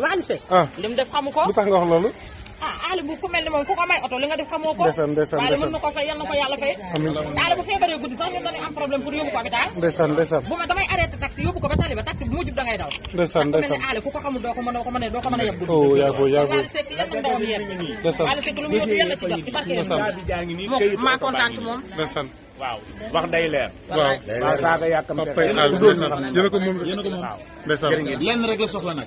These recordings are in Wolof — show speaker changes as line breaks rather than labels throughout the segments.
Waly Seck li mu def xamu ko lu tax nga wax loolu ah Aliou bu ku mel ni moom ku ko may oto li nga def xamoo ko ndeysaan ndeysaan waaye mën na ko fay yal na ko yàlla fay daal bu feebaree guddi sax ñun dañuy am problème pour yóbbu ko hôpital ndeysaan ndeysaan bu ma damay arrêté taxi yóbbu ko ba tali ba taxi bu mu jub da ngay daw ndeysaan ndeysaan Aliou ku ko xamul doo ko mën a doo ko mën a doo ko mën a yeb guddi oh yaa ko yaa ko Waly Seck
yal na ndawam yeb Waly Seck lu mu yóbbu yal na ci jot ci barke
moom maa kontaan ci moom ndeysaan waaw wax day leer. waaw waaw saa nga yàkkam. yéen a ko moom yéen a ko moom. lenn rek la soxla nag.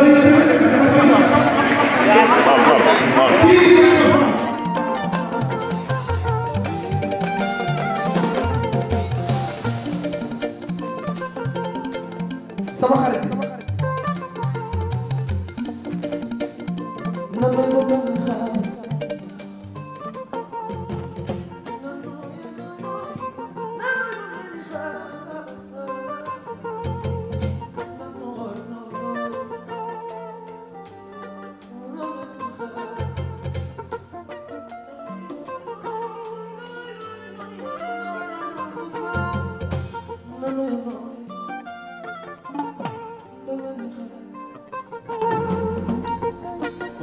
sama xarit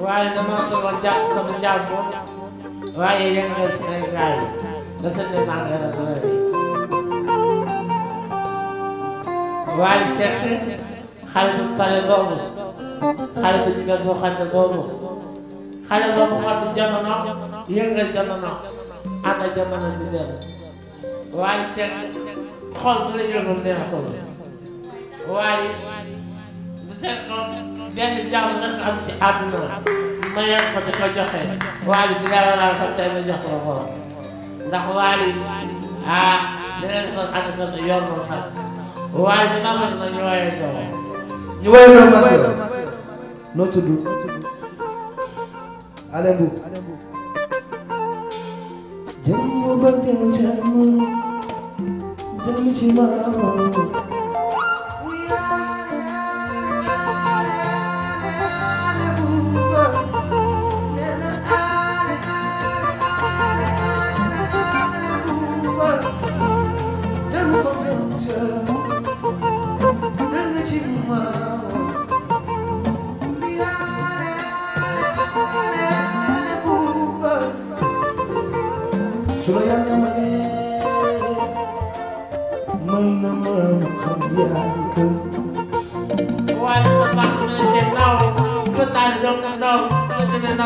waaye damaa soog a jàpp sama jàpp waaye yéen ngeen si rek gars yi da sëñ bi naan la waaye seet xale bu pare boobu xale bu jigéen boo xam ne boobu xale boobu xam ne jamono yëngal jamono ànd ak jamono di dem waaye seet xool bu la yëngal neexul waaye bu seet benn jàmm nag am ci àdduna ma yor ko di ko joxe waali bi nga waral ko tey ma jox ko ko ndax waali ah dina ko ànd ko te yor ko nag waali bi nga xam ne ñu woyee doom ñu woyee doom nag
noo tudd ale bu jëm ba jëm jëm jëm ci ma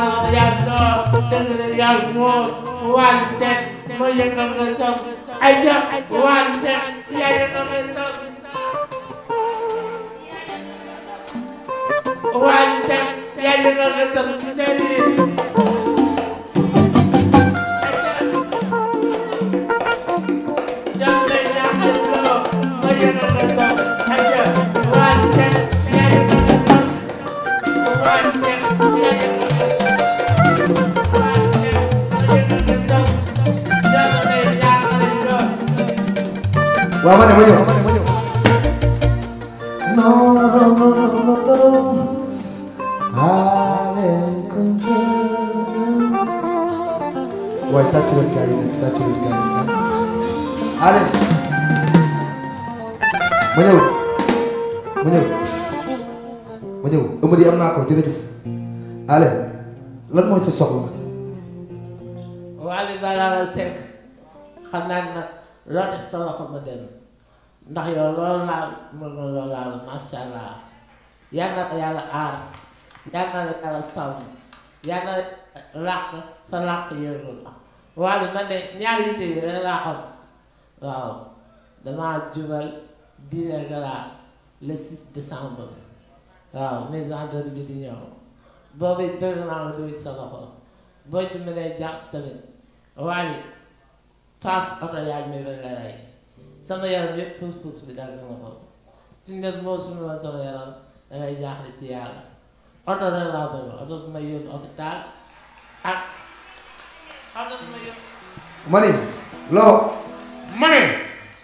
wax yàlla lool dëgg la yàlla moo Wally Seck ma yëngal nga soog ay ca Wally Seck yaa yëngal nga soog Wally Seck yaa yëngal nga soog
ale lan mooy sa soxla
Wally Ballago Seck xam naa nag loo tax sa loxo ma dem ndax yow loolu laal mën na loolu laal masha allah yal na la yàlla aar yal yàlla sàmm sa làq yërul Wally man de ñaari yitte yi rek laa xam waaw damaa jubal diine gala le 6 décembre waaw mais vendredi bi di ñëw boobu it bëgg naa la duy sa loxo boo ci mënee jàpp tamit waaye paas oto yaay mi mel la rey sama yaram yëpp puus puus bi dal na ko si ngeen moo sunu sama yaram dangay jaaxle ci yàlla oto rek laa bëgg oto bu ma yóbbu hôpital ak oto bu ma yóbbu
ma ne loo
ma ne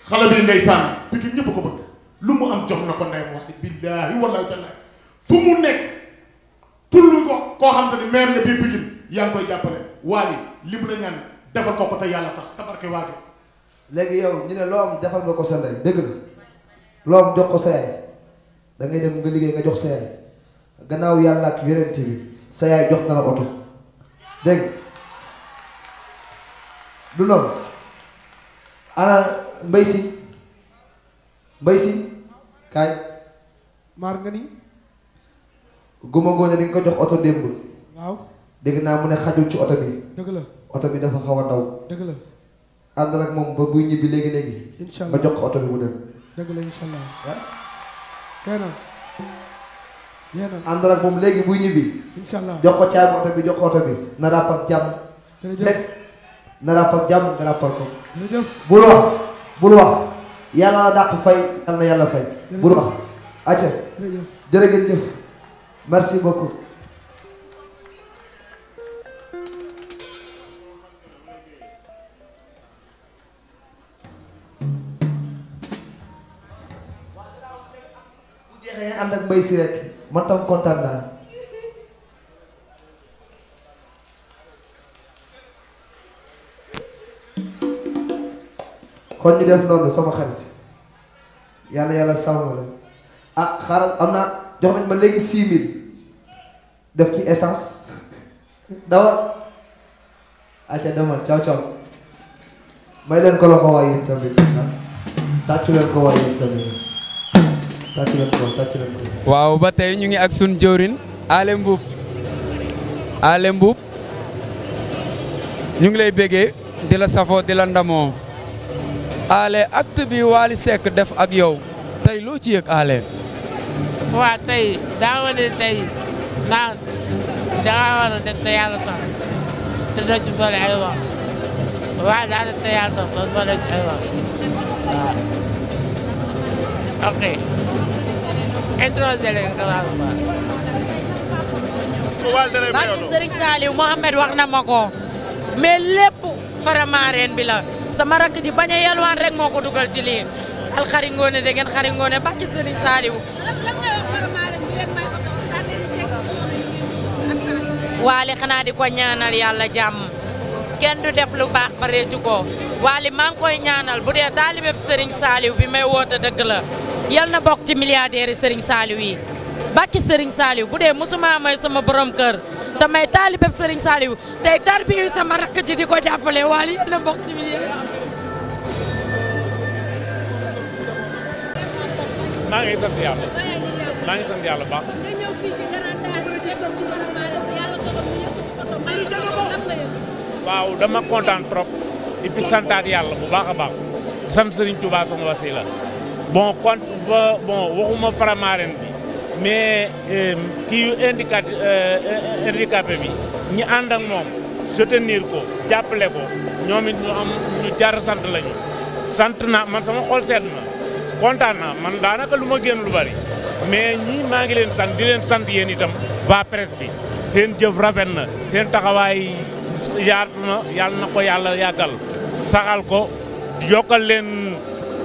xale
bi ndeysaan Pikine ñëpp ko bëgg lu mu am jox na ko ndeyam wax billaahi wallaahi tallaahi fu mu nekk koo xam te ne maire nga biir Pikine yaa ngi koy jàppale waaye
li mu la ñaan defal ko ko te yàlla tax sa barke waajur léegi yow ñu ne loo am defal nga ko sa dëgg la loo am jox ko sa yaay da dem nga liggéey nga jox sa yaay gannaaw yàlla ak yonent bi sa yaay jox na la oto dégg du noonu ana mbay si mbay si kaay maar nga ni guma ngooña di nga ko jox oto démb. waaw dégg naa mu ne xajul ci oto bi. la oto bi dafa xaw a ndaw. dëgg la ànd ak moom ba ñibbi léegi léegi. incha allah nga jox ko oto bi mu dem. dëgg la ah. moom léegi buy ñibbi. incha jox ko caabi oto bi jox ko oto bi na ràpp ak jàmm. jërëjëf na ràpp ak jàmm nga ràppal ko. bul wax bul wax yàlla la dàq fay yàlla fay. bul wax acca jërëjëf. merci beaucoup bu jeexee ànd ak mbay si rek man tam kontaan naa kon def noonu sama xarit yàlla yàlla sàmm la ah xaaral am naa jox nañ ma léegi six mille def ci essence dawal aca demal caw caw may leen ko waay yéen tamit tàccu leen ko waay yéen tamit waaw ba tey ñu ngi ak sun jëwrin Ale Mboup Ale Mboup ñu ngi lay béggee di la safoo di la ndamoo Ale ak bi Wally Seck def ak yow tey loo ci yëg Ale
waa tey daa wane tey naa dangaa war a def te yàlla tax te doo ci boole ay wax waaw daa def te yàlla tax doo boole ci ay wax waaw ok introsé leen nga waaw baax Sëriñ Saliou Mohamed wax na ma ko mais lépp faramareen bi la sama rakk ji bañ a yalwaan rek moo ko dugal ci lii alxari ngoone de ngeen xari ngoone bàcc xanaa di ko ñaanal yàlla jàmm kenn du def lu baax pareetu ko waali maa ngi koy ñaanal bu dee taalibeb sëriñ Saaliw bi may woote dëgg la yal na bokk ci milliardaire yi sëriñ Saaliw yi bàcci sëriñ Saaliw bu dee musuma may sama borom kër te may taalibeb sëriñ Saaliw tey tarbiyu sama rakk di ko jàppale waali yal na bokk ci
maa ngi sant yàlla maa ngi sant yàlla baax. nga dama kontaan trop et puis santaat yàlla bu baax a baax sant Serigne Touba sama wasila bon kon ba bon waxuma Faramareen bi mais euh, kii yu indicat euh, bi ñi ànd ak moom soutenir ko jàppale ko ñoom it ñu ñu jar sant lañu sant naa man sama xol sedd kontaan naa man daanaka lu ma génn lu bari mais ñii maa ngi leen sant di leen sant yéen itam waa presse bi seen jëf rafet na seen taxawaay yaatu na yàlla ko yàlla yàggal saxal ko yokkal leen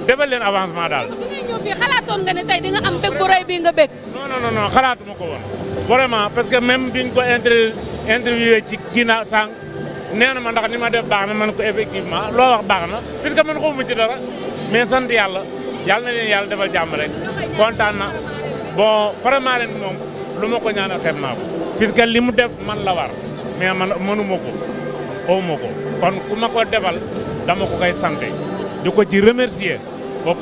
defal leen avancement daal.
ñëw fii xalaatoon nga ne tey di nga am bég bu bii nga bég. non
non non xalaatuma ko woon vraiment parce que même biñ ko inter interviewé ci ginnaaw sànq nee na ma ndax ni ma def baax na man ko effectivement loo wax baax na puisque man xawma ci dara mais sant yàlla. yàlla na leen yàlla defal jàmm rek kontaan bon vraiment ren moom lu ma ko ñaanal xeeb naa ko puisque li mu def man la war mais man mënuma ko xaw ma ko kon ku ma ko defal dama ko koy sant di ko ci remercier ba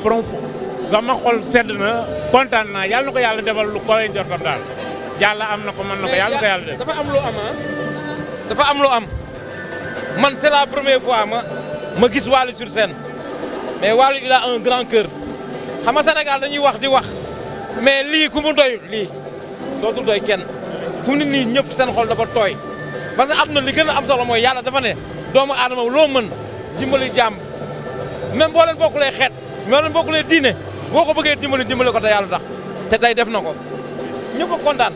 sama xol sedd na kontaan naa yàlla ko yàlla defal lu koy njortam daal yàlla am na ko mën na ko yàlla ko yàlla def
dafa am lu ah.
am lu am man c'est la première fois ma ma gis Wally sur scène mais Wally il a un xam nga Sénégal dañuy wax di wax mais lii ku mu doy lii dootul doy kenn fu ni ne nii ñëpp seen xol dafa tooy parce que am na li gën a am solo mooy yàlla dafa ne doomu aadama loo mën dimbali jàmm même boo leen bokkulee xeet boo leen bokkulee diine boo ko bëggee dimbali dimbali ko te yàlla tax te tey def na ko ñëpp kontaan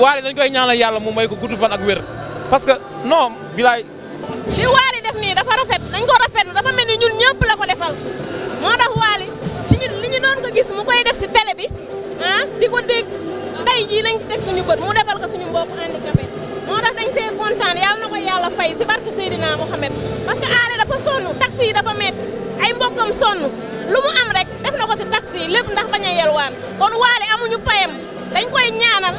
waale dañ koy ñaanal yàlla mu may ko gudd fan ak wér parce que bilaay
li waale def nii sonn lu mu am rek def na ko ci taxi lépp ndax bañ a yelwaan kon waale amuñu payam dañ koy ñaanal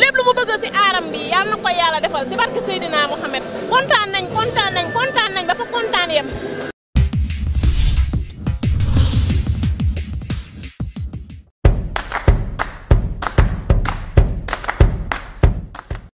lépp lu mu bëgg ci aaram bi yàlla na ko yàlla defal ci barke Seydina Mohamed kontaan nañ kontaan nañ kontaan nañ ba fa kontaan yem